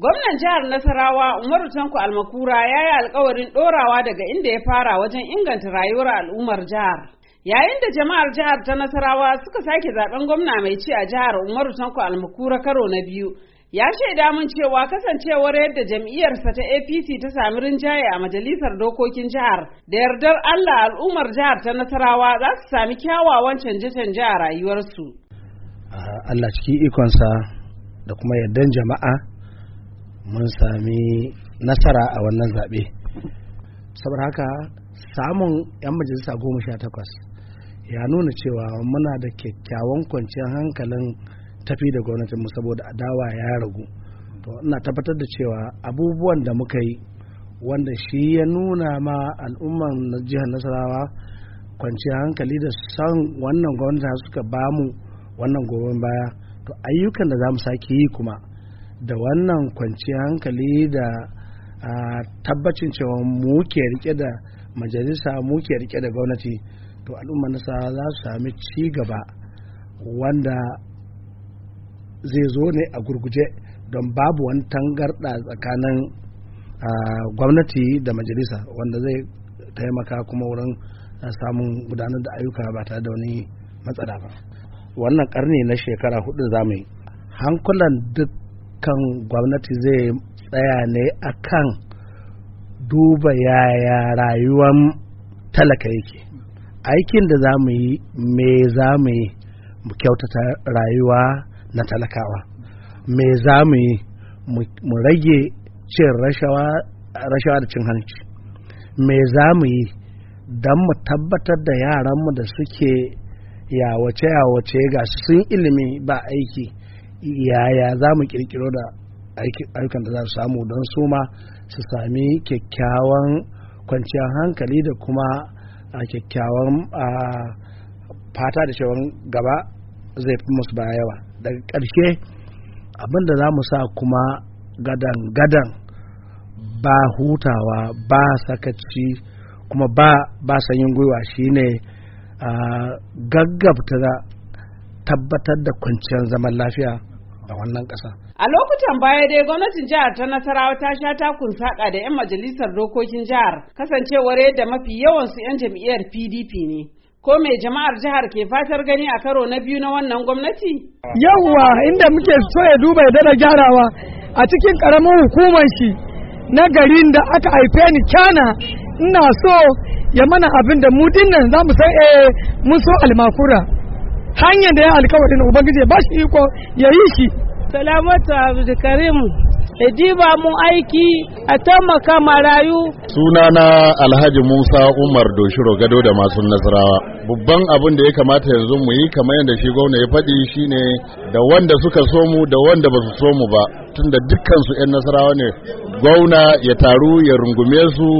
Gwamnan jihar Nasarawa Umaru Tanko Almakura ya yi alkawarin ɗorawa daga inda ya fara wajen inganta rayuwar al'ummar jihar. Yayin da jama'ar jihar ta Nasarawa suka sake zaben gwamna mai ci a jihar Umaru Tanko Almakura karo na biyu, ya shaida mun cewa kasancewar yadda jam'iyyarsa ta APC ta sami rinjaye a majalisar dokokin jihar da yardar Allah al'ummar jihar ta Nasarawa za su sami kyawawan canje-canje a rayuwarsu. Allah cikin ikonsa da kuma yardan jama'a mun sami nasara a wannan zaɓe saboda haka samun 'yan majalisa goma sha takwas ya nuna cewa muna da kyakkyawan kwanciyar hankalin tafi da gwamnatinmu saboda adawa ya ragu to ina tabbatar da cewa abubuwan da muka yi wanda shi ya nuna ma al'umman na jihar nasarawa kwanciyar hankali da son wannan gwamnati suka bamu wannan goben baya to ayyukan da za mu sake yi kuma da wannan kwanciyar hankali da tabbacin cewa mu ke rike da majalisa muke rike da gwamnati to al'umma nasa za su sami ci gaba wanda zai zo ne a gurguje don babu wani tangarɗa tsakanin gwamnati da majalisa wanda zai taimaka kuma wurin samun gudanar da ayyuka ba tare da wani matsala ba wannan karni na shekara hudu zamu yi hankulan duk kan gwamnati zai tsaya ne akan duba yaya rayuwan talaka yake aikin da za mu yi me za mu yi mu kyautata rayuwa na talakawa me za mu yi mu rage cin rashawa da cin hanci me za mu yi don mu tabbatar da yaranmu da suke yawace-yawace ga sun ilimi ba aiki yaya za mu kirkiro da ayyukan da za su samu don su ma su sami kyakkyawan kwanciyar hankali da kuma kyakkyawan fata da shawan gaba zai fi musu baya yawa daga ƙarshe abinda za mu sa kuma gadan-gadan ba hutawa ba sakaci kuma ba ba sanyin gwiwa shine gaggabta tabbatar da kwanciyar zaman lafiya a wannan ƙasa. A lokutan baya dai gwamnatin jihar ta Nasarawa ta sha takun saƙa da 'yan majalisar dokokin jihar kasancewar yadda mafi yawansu 'yan jam'iyyar PDP ne. Ko mai jama'ar jihar ke fatar gani a karo na biyu na wannan gwamnati? Yawwa inda muke so ya duba ya dana gyarawa a cikin ƙaramin hukumar shi na garin da aka haife ni kyana ina so ya mana abin da mu dinnan za mu san eh mun so almakura. hanyar da ya alkawarin ubangiji ba shi iko ya yi shi salamatu abdulkarim jiba mu aiki a taimaka marayu Suna na alhaji musa umar doshiro gado da masu nasarawa babban abin da ya kamata yanzu mu yi kamar yadda shi gwamna ya faɗi shine da wanda suka so mu da wanda ba su so mu ba tunda dukkan su 'yan nasarawa ne gwamna ya taru ya rungume su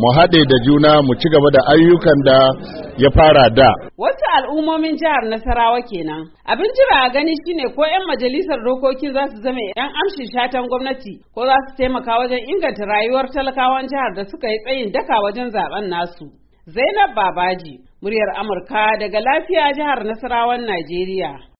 mu haɗe da juna mu ci gaba da ayyukan da ya fara da. Wasu al'ummomin jihar Nasarawa kenan. Abin jira a gani shine ko 'yan majalisar dokokin za su zama 'yan amshin shatan gwamnati ko za su taimaka wajen inganta rayuwar talakawan jihar da suka yi tsayin daka wajen zaben nasu. Zainab Babaji, muryar Amurka daga lafiya jihar Nasarawan Najeriya.